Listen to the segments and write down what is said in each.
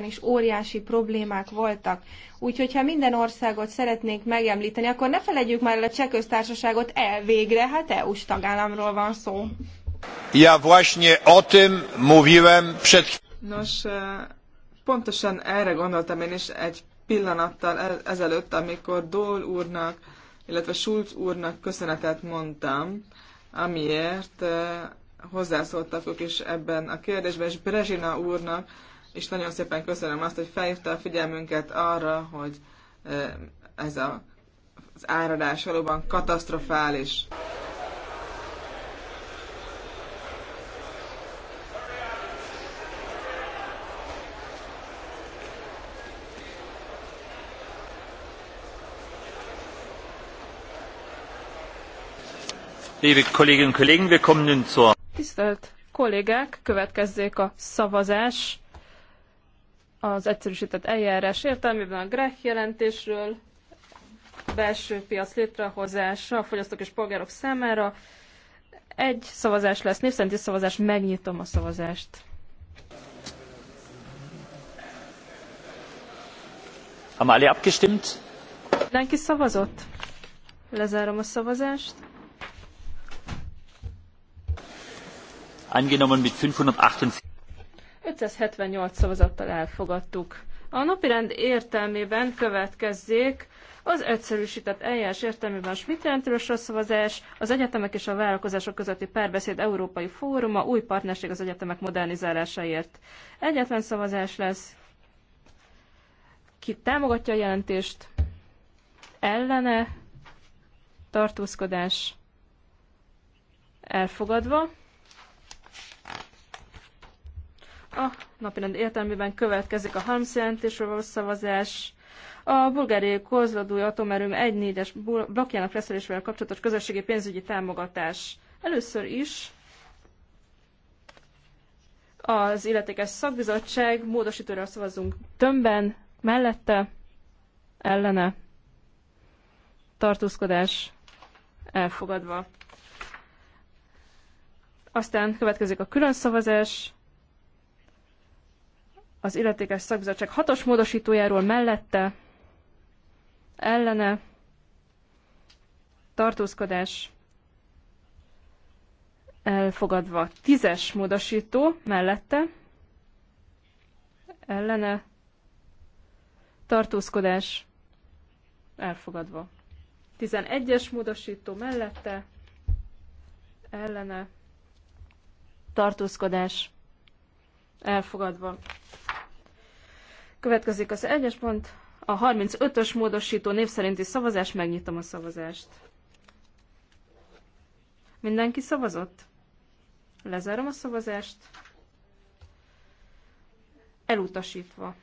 is óriási problémák voltak. Úgyhogy, ha minden országot szeretnénk megemlíteni, akkor ne felejtjük már el a cseh köztársaságot elvégre, hát EU-s tagállamról van szó. Ja właśnie o tym mówiłem przed... Nos, e, pontosan erre gondoltam én is egy pillanattal e- ezelőtt, amikor Dól úrnak, illetve Schulz úrnak köszönetet mondtam, amiért e, hozzászóltak ők is ebben a kérdésben, és Brezsina úrnak, és nagyon szépen köszönöm azt, hogy felhívta a figyelmünket arra, hogy ez a, az áradás valóban katasztrofális. Liebe Kolleginnen und Kollegen, wir kommen nun zur Tisztelt kollégák, következzék a szavazás az egyszerűsített eljárás értelmében a Grech jelentésről, belső piac létrehozása a fogyasztók és polgárok számára. Egy szavazás lesz, név szerinti szavazás, megnyitom a szavazást. Haben abgestimmt? Mindenki szavazott? Lezárom a szavazást. Angenommen mit 548. 578 szavazattal elfogadtuk. A napirend értelmében következzék az egyszerűsített eljárás értelmében Schmidt-jelentős szavazás, az egyetemek és a vállalkozások közötti párbeszéd Európai Fóruma, új partnerség az egyetemek modernizálásáért. Egyetlen szavazás lesz. Ki támogatja a jelentést? Ellene? Tartózkodás? Elfogadva? A napirend értelmében következik a Harms jelentésről való szavazás. A bulgáriai kozladói atomerőm 1-4-es blokkjának leszelésével kapcsolatos közösségi pénzügyi támogatás. Először is az illetékes szakbizottság módosítóra szavazunk tömbben, mellette, ellene, tartózkodás elfogadva. Aztán következik a külön szavazás, az illetékes szakbizottság hatos módosítójáról mellette, ellene, tartózkodás elfogadva. Tízes módosító mellette, ellene, tartózkodás elfogadva. Tizenegyes módosító mellette, ellene, tartózkodás elfogadva. Következik az egyes pont, a 35-ös módosító név szerinti szavazás, megnyitom a szavazást. Mindenki szavazott? Lezárom a szavazást. Elutasítva.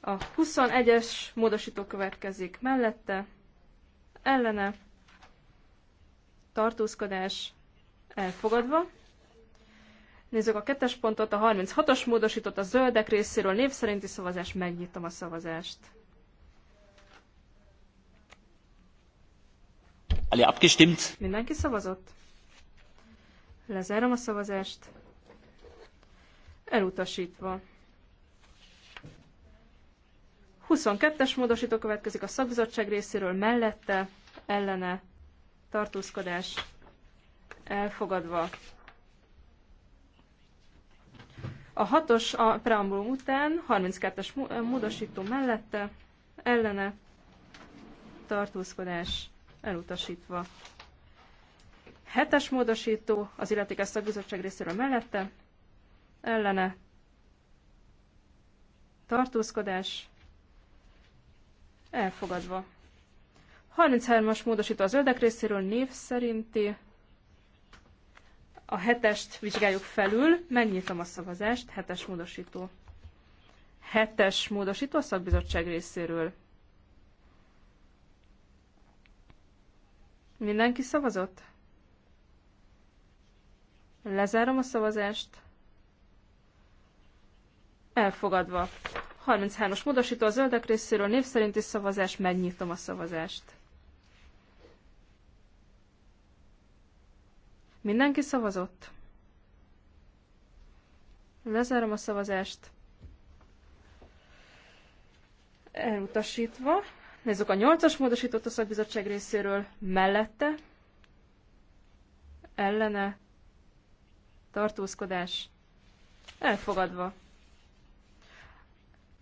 A 21-es módosító következik mellette, ellene, tartózkodás elfogadva. Nézzük a kettes pontot, a 36-os módosított a zöldek részéről név szerinti szavazás, megnyitom a szavazást. Alle abgestimmt? Mindenki szavazott? Lezárom a szavazást. Elutasítva. 22-es módosító következik a szakbizottság részéről mellette, ellene, tartózkodás, elfogadva. A hatos a preambulum után, 32-es módosító mellette, ellene tartózkodás elutasítva. Hetes módosító az illetékes szakbizottság részéről mellette, ellene tartózkodás elfogadva. 33-as módosító az öldek részéről név szerinti a hetest vizsgáljuk felül, megnyitom a szavazást, hetes módosító. Hetes módosító a szakbizottság részéről. Mindenki szavazott? Lezárom a szavazást. Elfogadva. 33 os módosító a zöldek részéről név szerinti szavazás, megnyitom a szavazást. Mindenki szavazott? Lezárom a szavazást. Elutasítva. Nézzük a 8-as módosított a szakbizottság részéről. Mellette. Ellene. Tartózkodás. Elfogadva.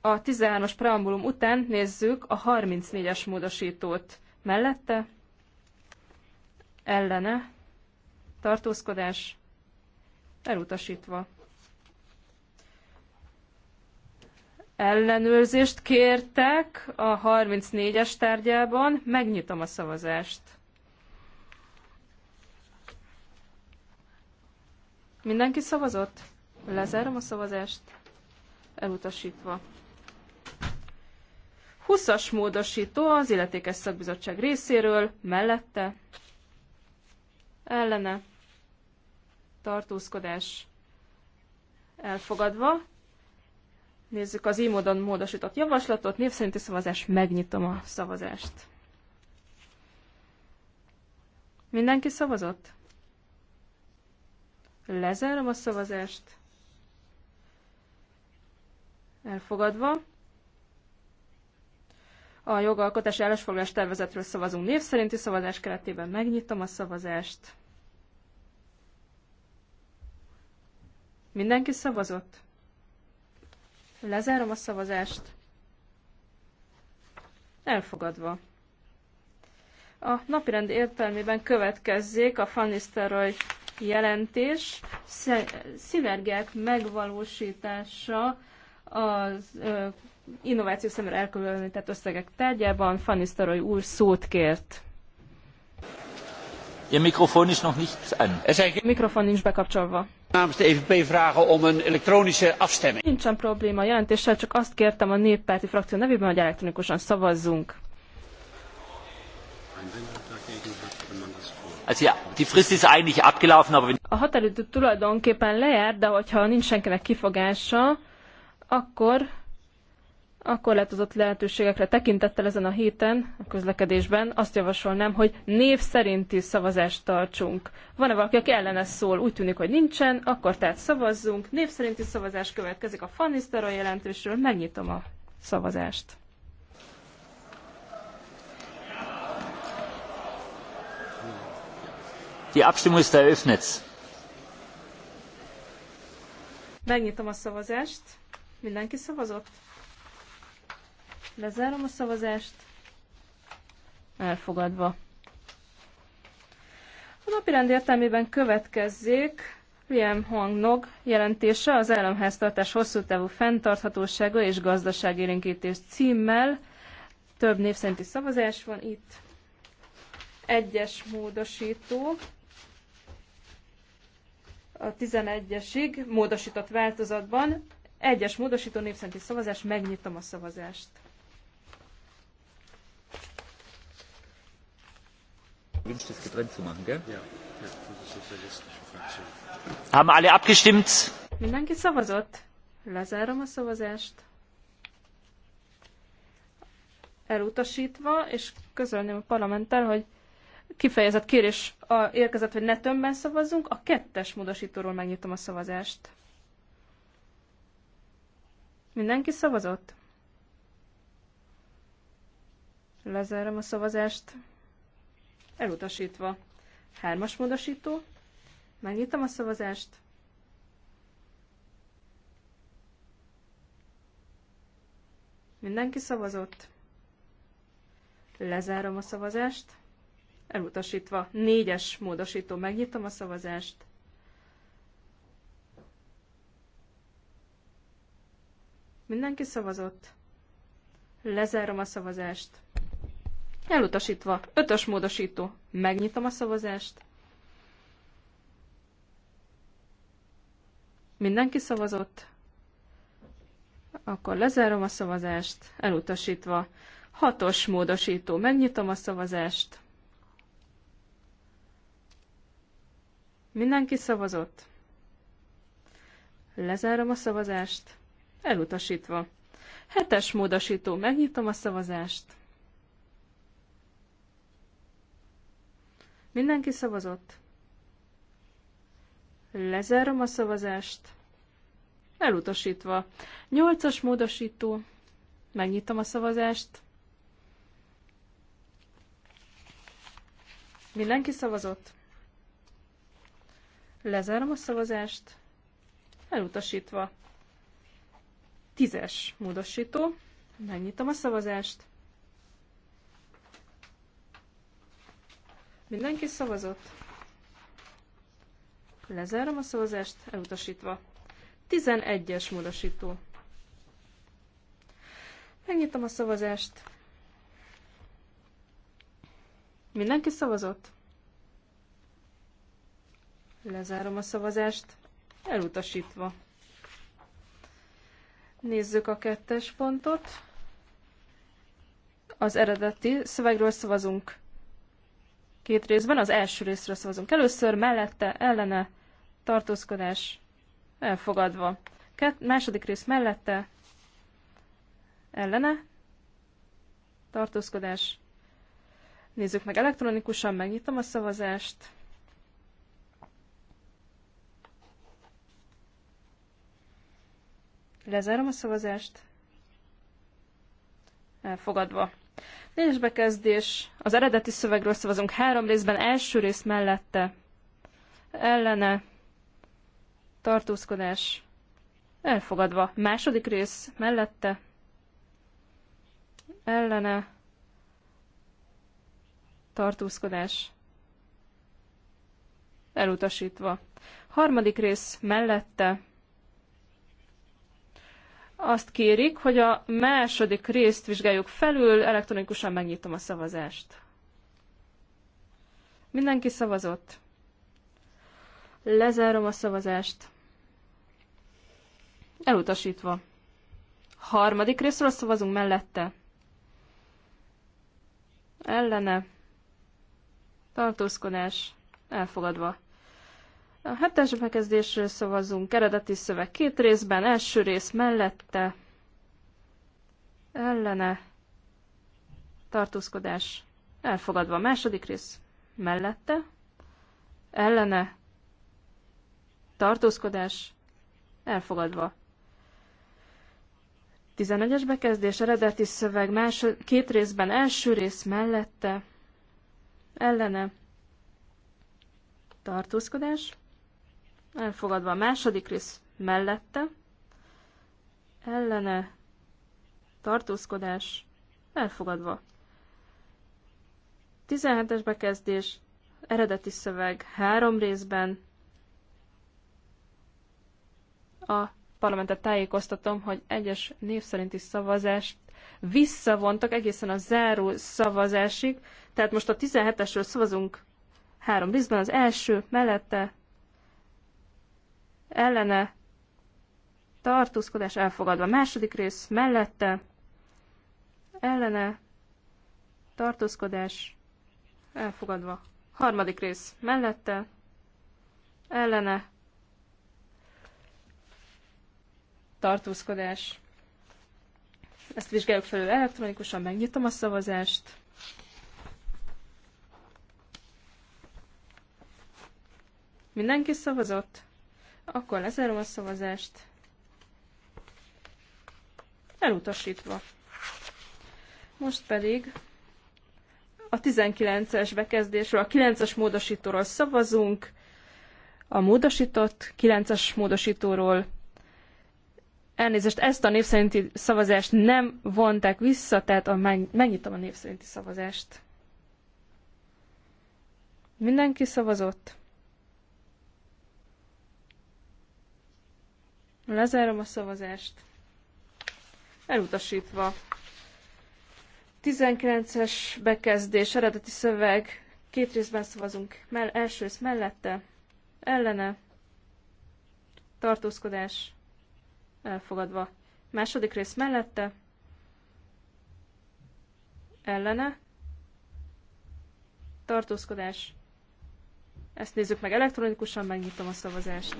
A 13-as preambulum után nézzük a 34-es módosítót. Mellette. Ellene tartózkodás elutasítva. Ellenőrzést kértek a 34-es tárgyában, megnyitom a szavazást. Mindenki szavazott? Lezárom a szavazást. Elutasítva. 20-as módosító az illetékes szakbizottság részéről, mellette, ellene, tartózkodás elfogadva. Nézzük az e módon módosított javaslatot. Név szerinti szavazás, megnyitom a szavazást. Mindenki szavazott? Lezárom a szavazást. Elfogadva. A jogalkotási állásfoglalás tervezetről szavazunk név szerinti szavazás keretében. Megnyitom a szavazást. Mindenki szavazott? Lezárom a szavazást. Elfogadva. A napirend értelmében következzék a Fannisteroy jelentés, szinergiák megvalósítása az ö, innováció szemre elkülönített összegek tárgyában. Fannisteroy úr szót kért. Ihr Mikrofon ist noch nicht an. Mikrofon nincs bekapcsolva namens de EVP vragen om een elektronische afstemming. Nincsen probléma a jelentéssel, csak azt kértem a néppárti frakció nevében, hogy elektronikusan szavazzunk. A határidő tulajdonképpen lejár, de hogyha nincs senkinek kifogása, akkor a korlátozott lehetőségekre tekintettel ezen a héten a közlekedésben azt javasolnám, hogy név szerinti szavazást tartsunk. Van-e valaki, aki ellene szól? Úgy tűnik, hogy nincsen, akkor tehát szavazzunk. Név szerinti szavazás következik a Fannisztera jelentésről. Megnyitom a szavazást. Die Abstimmung ist eröffnet. Megnyitom a szavazást. Mindenki szavazott? Lezárom a szavazást. Elfogadva. A rend értelmében következzék Liam Hangnok jelentése az államháztartás hosszú távú fenntarthatósága és gazdaságélénkítés címmel. Több népszerinti szavazás van itt. Egyes módosító a 11-esig módosított változatban. Egyes módosító népszerinti szavazás, megnyitom a szavazást. Wünscht es getrennt zu machen, gell? Ja. Haben alle abgestimmt? Mindenki szavazott. Lezárom a szavazást. Elutasítva, és közölném a parlamenttel, hogy kifejezett kérés a, érkezett, hogy ne többen szavazzunk. A kettes módosítóról megnyitom a szavazást. Mindenki szavazott? Lezárom a szavazást elutasítva. Hármas módosító, megnyitom a szavazást, mindenki szavazott, lezárom a szavazást, elutasítva. Négyes módosító, megnyitom a szavazást, Mindenki szavazott. Lezárom a szavazást. Elutasítva. Ötös módosító. Megnyitom a szavazást. Mindenki szavazott. Akkor lezárom a szavazást. Elutasítva. Hatos módosító. Megnyitom a szavazást. Mindenki szavazott. Lezárom a szavazást. Elutasítva. Hetes módosító. Megnyitom a szavazást. Mindenki szavazott? Lezárom a szavazást. Elutasítva. Nyolcas módosító. Megnyitom a szavazást. Mindenki szavazott? Lezárom a szavazást. Elutasítva. Tízes módosító. Megnyitom a szavazást. Mindenki szavazott? Lezárom a szavazást, elutasítva. 11-es módosító. Megnyitom a szavazást. Mindenki szavazott? Lezárom a szavazást, elutasítva. Nézzük a kettes pontot. Az eredeti szövegről szavazunk két részben. Az első részről szavazunk először, mellette, ellene, tartózkodás elfogadva. Kett, második rész mellette, ellene, tartózkodás. Nézzük meg elektronikusan, megnyitom a szavazást. Lezárom a szavazást. Elfogadva. Négyes bekezdés. Az eredeti szövegről szavazunk három részben, első rész mellette. Ellene. Tartózkodás. Elfogadva. Második rész mellette. Ellene. Tartózkodás. Elutasítva. Harmadik rész mellette. Azt kérik, hogy a második részt vizsgáljuk felül, elektronikusan megnyitom a szavazást. Mindenki szavazott. Lezárom a szavazást. Elutasítva. Harmadik részről szavazunk mellette. Ellene. Tartózkodás. Elfogadva. A hetes bekezdésről szavazunk, eredeti szöveg két részben, első rész mellette, ellene, tartózkodás, elfogadva a második rész mellette, ellene, tartózkodás, elfogadva. 11-es bekezdés, eredeti szöveg másod két részben, első rész mellette, ellene, tartózkodás, elfogadva a második rész mellette, ellene tartózkodás elfogadva. 17-es bekezdés, eredeti szöveg három részben. A parlamentet tájékoztatom, hogy egyes név szerinti szavazást visszavontak egészen a záró szavazásig, tehát most a 17-esről szavazunk három részben, az első mellette ellene tartózkodás elfogadva. Második rész mellette ellene tartózkodás elfogadva. Harmadik rész mellette ellene tartózkodás. Ezt vizsgáljuk felül elektronikusan, megnyitom a szavazást. Mindenki szavazott? Akkor lezárom a szavazást. Elutasítva. Most pedig a 19-es bekezdésről, a 9-es módosítóról szavazunk, a módosított 9-es módosítóról. Elnézést, ezt a népszerinti szavazást nem vonták vissza, tehát a, megnyitom a népszerinti szavazást. Mindenki szavazott? Lezárom a szavazást. Elutasítva. 19-es bekezdés, eredeti szöveg. Két részben szavazunk. Mell első rész mellette. Ellene. Tartózkodás. Elfogadva. Második rész mellette. Ellene. Tartózkodás. Ezt nézzük meg elektronikusan, megnyitom a szavazást.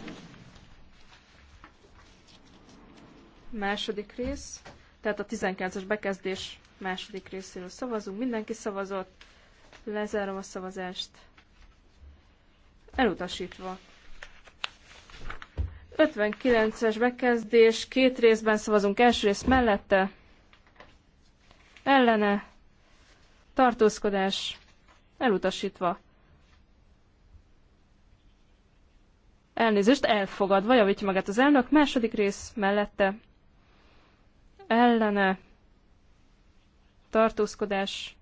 Második rész, tehát a 19-es bekezdés második részéről szavazunk. Mindenki szavazott. Lezárom a szavazást. Elutasítva. 59-es bekezdés, két részben szavazunk, első rész mellette, ellene, tartózkodás, elutasítva. Elnézést, elfogadva, javítja magát az elnök, második rész mellette, ellene tartózkodás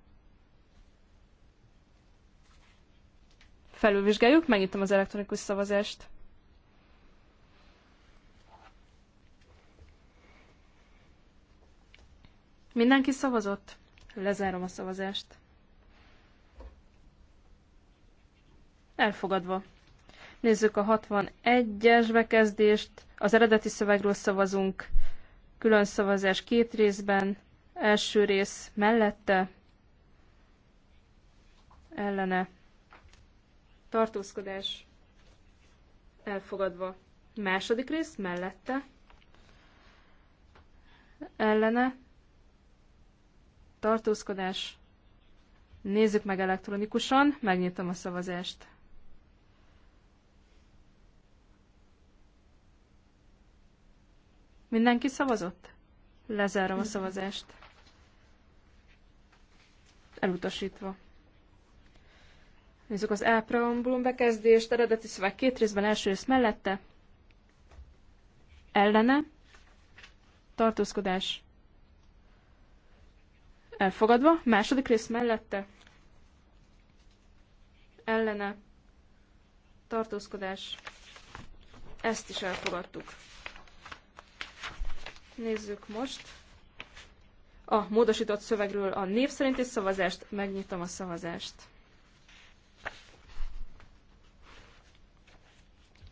felülvizsgáljuk, megnyitom az elektronikus szavazást. Mindenki szavazott? Lezárom a szavazást. Elfogadva. Nézzük a 61-es bekezdést. Az eredeti szövegről szavazunk. Külön szavazás két részben. Első rész mellette, ellene. Tartózkodás elfogadva. Második rész mellette, ellene. Tartózkodás. Nézzük meg elektronikusan, megnyitom a szavazást. Mindenki szavazott? Lezárom a szavazást. Elutasítva. Nézzük az elpreambulum bekezdést, eredeti szöveg két részben, első rész mellette. Ellene. Tartózkodás. Elfogadva. Második rész mellette. Ellene. Tartózkodás. Ezt is elfogadtuk. Nézzük most a módosított szövegről a név szerinti szavazást. Megnyitom a szavazást.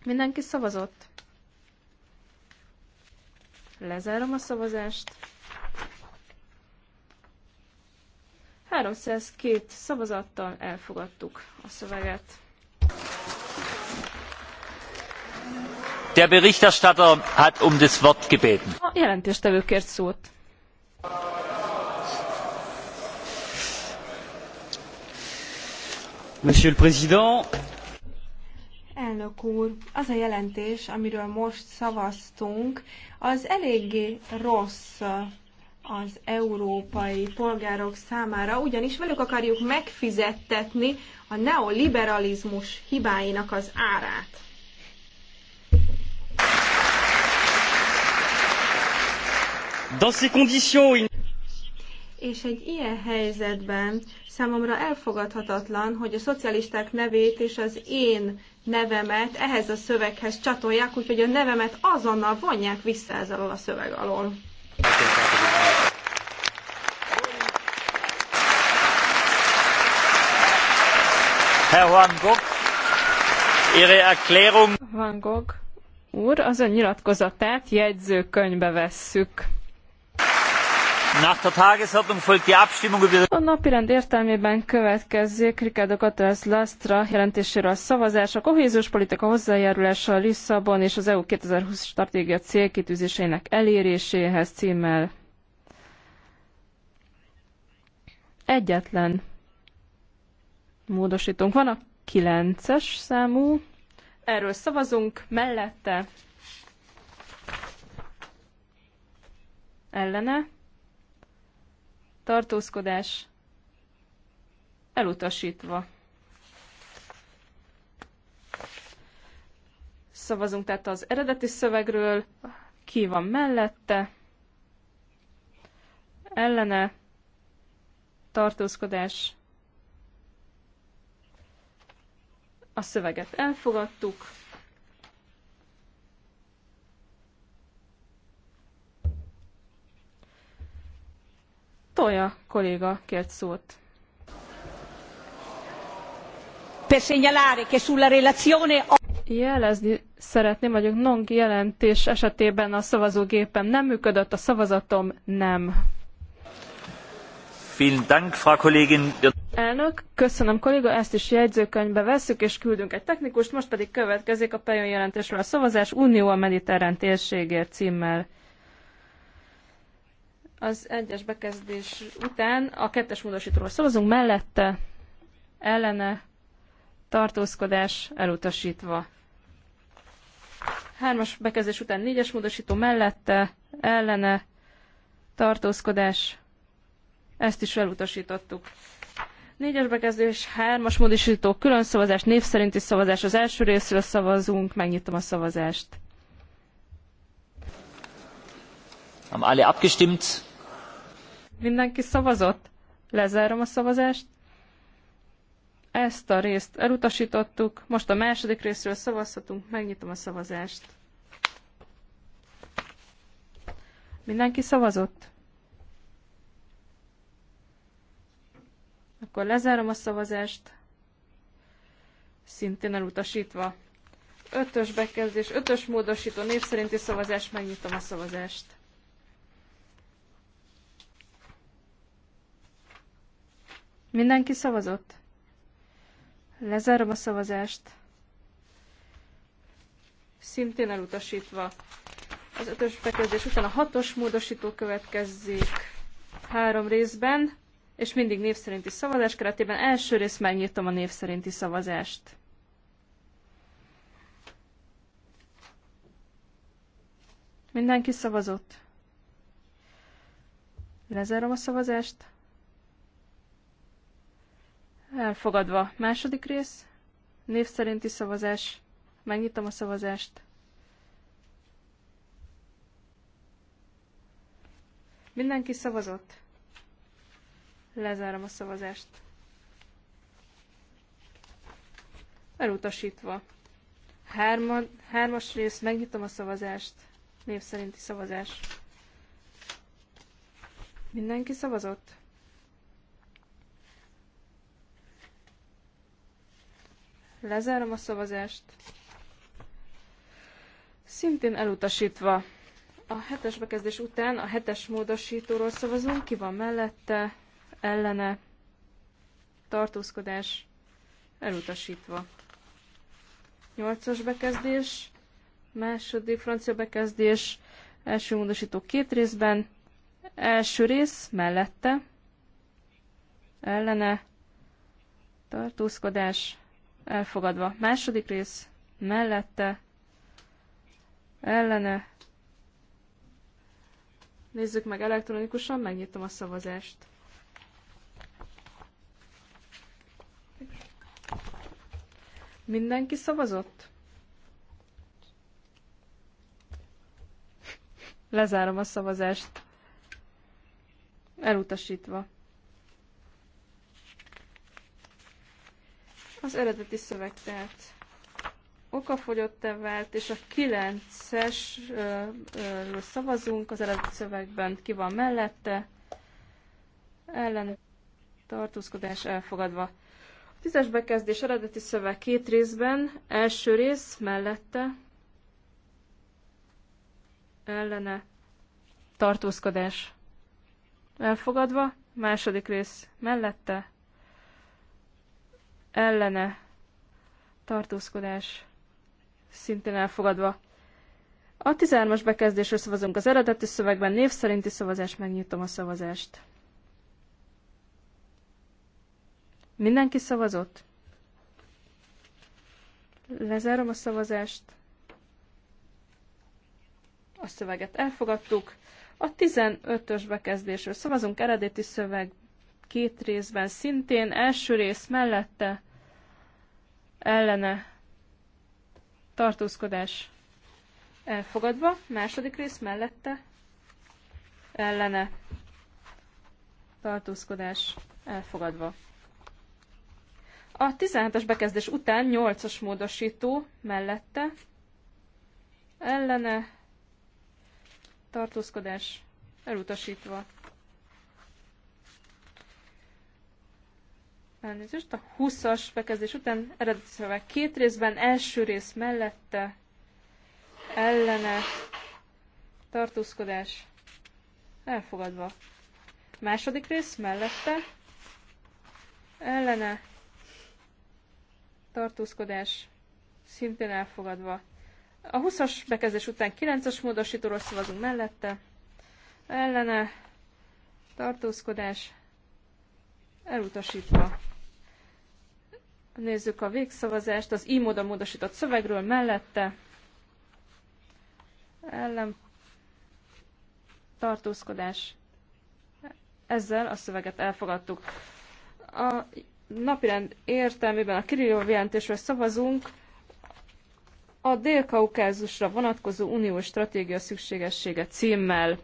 Mindenki szavazott? Lezárom a szavazást. 302 szavazattal elfogadtuk a szöveget. Der Berichterstatter hat um das Wort gebeten jelentéstevő szót. Monsieur le Président. Elnök úr, az a jelentés, amiről most szavaztunk, az eléggé rossz az európai polgárok számára, ugyanis velük akarjuk megfizettetni a neoliberalizmus hibáinak az árát. Dans ces conditions, il... És egy ilyen helyzetben számomra elfogadhatatlan, hogy a szocialisták nevét és az én nevemet ehhez a szöveghez csatolják, úgyhogy a nevemet azonnal vonják vissza ezzel a szöveg alól. Herr Van Gogh, Ihre Erklärung... Van Gogh úr, az ön nyilatkozatát jegyzőkönyvbe vesszük. A napirend értelmében következzék Ricardo Catarz Lastra jelentéséről a szavazás, a kohéziós politika hozzájárulása a Lisszabon és az EU 2020 stratégia célkitűzéseinek eléréséhez címmel. Egyetlen módosítunk van a kilences es számú. Erről szavazunk mellette. Ellene tartózkodás elutasítva. Szavazunk tehát az eredeti szövegről, ki van mellette, ellene, tartózkodás, a szöveget elfogadtuk. Tolja kolléga kért szót. Per segnalare che sulla relazione jelezni szeretném, hogy a NONG jelentés esetében a szavazógépem nem működött, a szavazatom nem. Dank, Frau Kollégin. Elnök, köszönöm kolléga, ezt is jegyzőkönyvbe veszük és küldünk egy technikust, most pedig következik a Pajon jelentésről a szavazás Unió a mediterrán térségért címmel. Az egyes bekezdés után a kettes módosítóról szavazunk, mellette ellene tartózkodás elutasítva. Hármas bekezdés után négyes módosító mellette ellene tartózkodás, ezt is elutasítottuk. Négyes bekezdés, hármas módosító, külön szavazás, név szerinti szavazás. Az első részről szavazunk, megnyitom a szavazást. Haben alle abgestimmt? Mindenki szavazott? Lezárom a szavazást. Ezt a részt elutasítottuk. Most a második részről szavazhatunk. Megnyitom a szavazást. Mindenki szavazott? Akkor lezárom a szavazást. Szintén elutasítva. Ötös bekezdés, ötös módosító név szerinti szavazás, megnyitom a szavazást. Mindenki szavazott? Lezárom a szavazást. Szintén elutasítva. Az ötös bekezdés után a hatos módosító következzék három részben, és mindig név szerinti szavazás keretében első rész megnyitom a név szerinti szavazást. Mindenki szavazott? Lezárom a szavazást. Elfogadva. Második rész. Név szerinti szavazás. Megnyitom a szavazást. Mindenki szavazott? Lezárom a szavazást. Elutasítva. Hárma, hármas rész, megnyitom a szavazást. Név szerinti szavazás. Mindenki szavazott? Lezárom a szavazást. Szintén elutasítva. A hetes bekezdés után a hetes módosítóról szavazunk. Ki van mellette? Ellene? Tartózkodás? Elutasítva. Nyolcas bekezdés. Második francia bekezdés. Első módosító két részben. Első rész mellette. Ellene? Tartózkodás? elfogadva. Második rész mellette, ellene. Nézzük meg elektronikusan, megnyitom a szavazást. Mindenki szavazott? Lezárom a szavazást. Elutasítva. Az eredeti szöveg tehát okafogyott-e vált, és a 9-esről szavazunk, az eredeti szövegben ki van mellette, ellen tartózkodás elfogadva. A tízes bekezdés eredeti szöveg két részben, első rész mellette, ellene tartózkodás elfogadva, második rész mellette, ellene tartózkodás szintén elfogadva. A 13-as bekezdésről szavazunk az eredeti szövegben, név szerinti szavazást, megnyitom a szavazást. Mindenki szavazott? Lezárom a szavazást. A szöveget elfogadtuk. A 15-ös bekezdésről szavazunk eredeti szöveg két részben szintén, első rész mellette ellene tartózkodás elfogadva, második rész mellette ellene tartózkodás elfogadva. A 17-es bekezdés után 8-as módosító mellette ellene tartózkodás elutasítva. elnézést, a 20-as bekezdés után eredeti szöveg két részben, első rész mellette, ellene, tartózkodás, elfogadva. Második rész mellette, ellene, tartózkodás, szintén elfogadva. A 20-as bekezdés után 9-as módosítóról szavazunk mellette, ellene, tartózkodás, elutasítva. Nézzük a végszavazást az így módon módosított szövegről mellette. Ellen tartózkodás. Ezzel a szöveget elfogadtuk. A napirend értelmében a kirilló jelentésről szavazunk. A Dél-Kaukázusra vonatkozó uniós stratégia szükségessége címmel.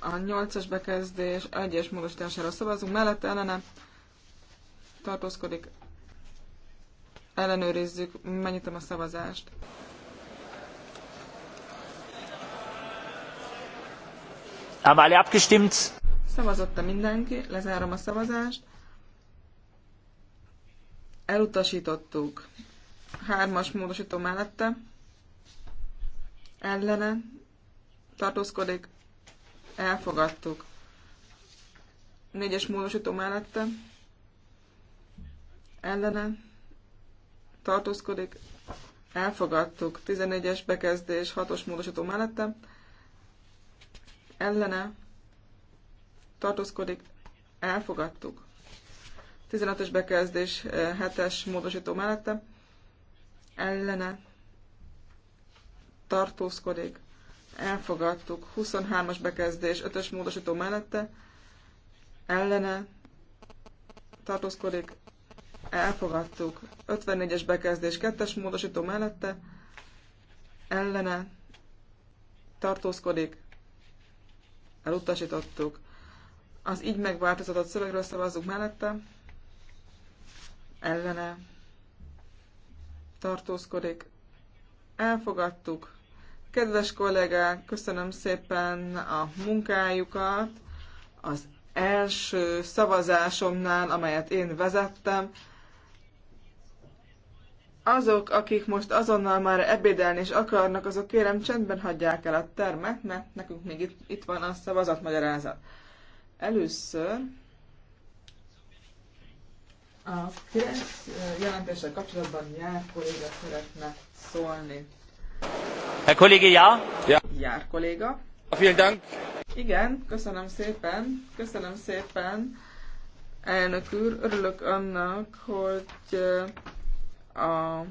A nyolcas bekezdés egyes módosítására szavazunk, mellette ellene tartózkodik, ellenőrizzük, megnyitom a szavazást. Haben alle abgestimmt? Szavazotta mindenki, lezárom a szavazást. Elutasítottuk. Hármas módosító mellette. Ellene. Tartózkodik. Elfogadtuk. Négyes módosító mellette ellene tartózkodik, elfogadtuk 11 es bekezdés 6-os módosító mellette, ellene tartózkodik, elfogadtuk 15-ös bekezdés 7-es eh, módosító mellette, ellene tartózkodik, elfogadtuk 23-as bekezdés 5-ös módosító mellette, ellene tartózkodik, elfogadtuk. 54-es bekezdés, kettes módosító mellette, ellene tartózkodik, elutasítottuk. Az így megváltozatott szövegről szavazzuk mellette, ellene tartózkodik, elfogadtuk. Kedves kollégák, köszönöm szépen a munkájukat, az első szavazásomnál, amelyet én vezettem, azok, akik most azonnal már ebédelni is akarnak, azok kérem csendben hagyják el a termet, mert nekünk még itt, itt van a szavazatmagyarázat. Először a Kressz eh, jelentéssel kapcsolatban jár kolléga szeretne szólni. Herr Kollege, ja? ja? Jár kolléga. Vielen Dank. Igen, köszönöm szépen. Köszönöm szépen, elnök úr. Örülök annak, hogy eh, a